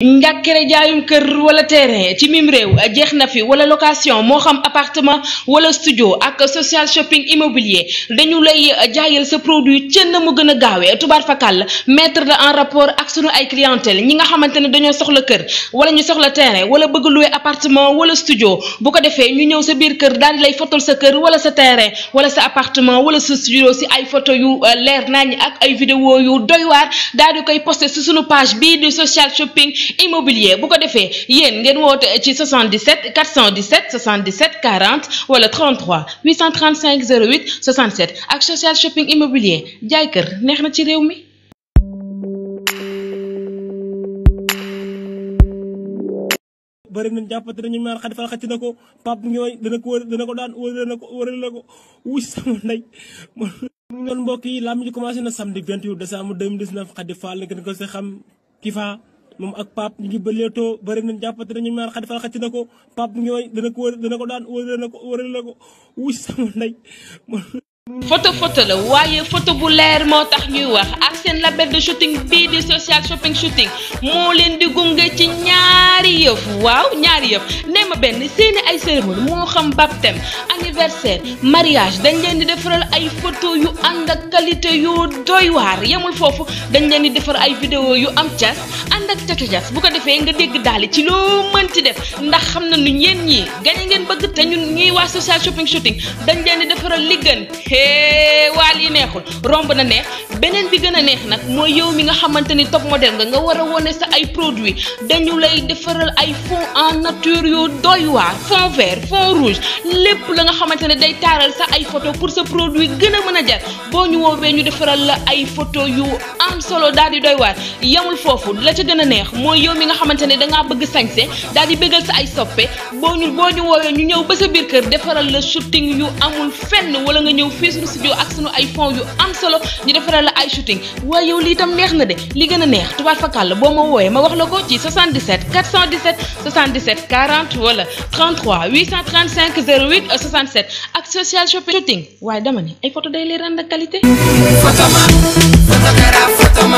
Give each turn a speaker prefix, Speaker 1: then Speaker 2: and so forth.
Speaker 1: Ngakere jaayum kër wala terrain ci mim réew jeex fi wala location Moham xam appartement wala studio ak social shopping immobilier dañu lay jaayal sa produit cën na mu Gawé a gaawee fakal mettre en rapport ak sunu ay clientèle ñi nga xamante ne dañoo soxla kër wala ñu soxla terrain wala bëgg louer appartement wala studio bu ko défé ñu ñëw sa biir kër dal di lay fotol sa kër wala sa terrain wala sa appartement wala sa studio si ay photo yu euh, leer nañ ak ay vidéo yu doy war dal di koy poster ci sunu page bi social shopping immobilier bu ko defee yéen ngeen woote ci 77 417 77 40 wala 33 835 08 67 ak social shopping immobilier jaay kër neex na ci réew mi.
Speaker 2: bëri nañ jàppante nañu naan xadi fa xati nako pap ñoy dana ko dana ko daan wër nako ko wëral na wuy sama nday mu ñoon mbokk yi lam ji commencé na samedi 28 décembre 2019 xadi fall gën ko si xam kifa moom ak Pape ñu ngi ba léetoo bëri nañ jàppante nañu ñaar xadi fal na ko Pape mu ngi way dana ko dana ko daan wërale ko wërale ko wuy sama ndey photo photo la waaye photo bu leer
Speaker 1: moo tax ñuy wax ak seen label de shooting bii di social shopping shooting moo leen di gunge ci ñaar yëf waaw ñaari yëpp nee ma benn seeni ay cérémonie moo xam baptême anniversaire mariage dañ leen di defaral ay photo yu ànd ak qualité yu doy waar yemul foofu dañ leen di defar ay vidéo yu am cas ànd ak catu cas bu ko defee nga dégg daali ci loo mënti def ndax xam na nu yéen ñi gañ ngeen bëgg te ñun ñuy waa social shopping shooting dañ leen di defaral li gën hee waa lii neexul romb na neex beneen bi gën a neex nag mooy yow mi nga xamante ni top model nga nga war a wone sa ay produit dañu lay defaral ay fond en nature yu doy waar fond vert fond rouge lépp la nga xamante ne day taaral sa ay photo pour sa produit gën a mën a jar boo ñu woowee ñu defaral la ay photo yu am solo daal di doy waar yamul foofu la ca gën a neex mooy yow mi nga xamante ne dangaa bëgg sañse daal di bëggal sa ay soppe boo ñu boo ñu woowee ñu ñëw ba sa biir kër defaral la shooting yu amul fenn wala nga ñëw fii suñu studio ak suñu ay fond yu am solo ñu defaral la ay shooting waaye yow lii tam neex na de li gën a neex tubaab fakal la boo ma woowee ma wax la ko ci 77 417 77 40 wala 33 835 08 67 ak social shopping shooting waaye dama ne ay photo day leer ànd ak qualité. Fata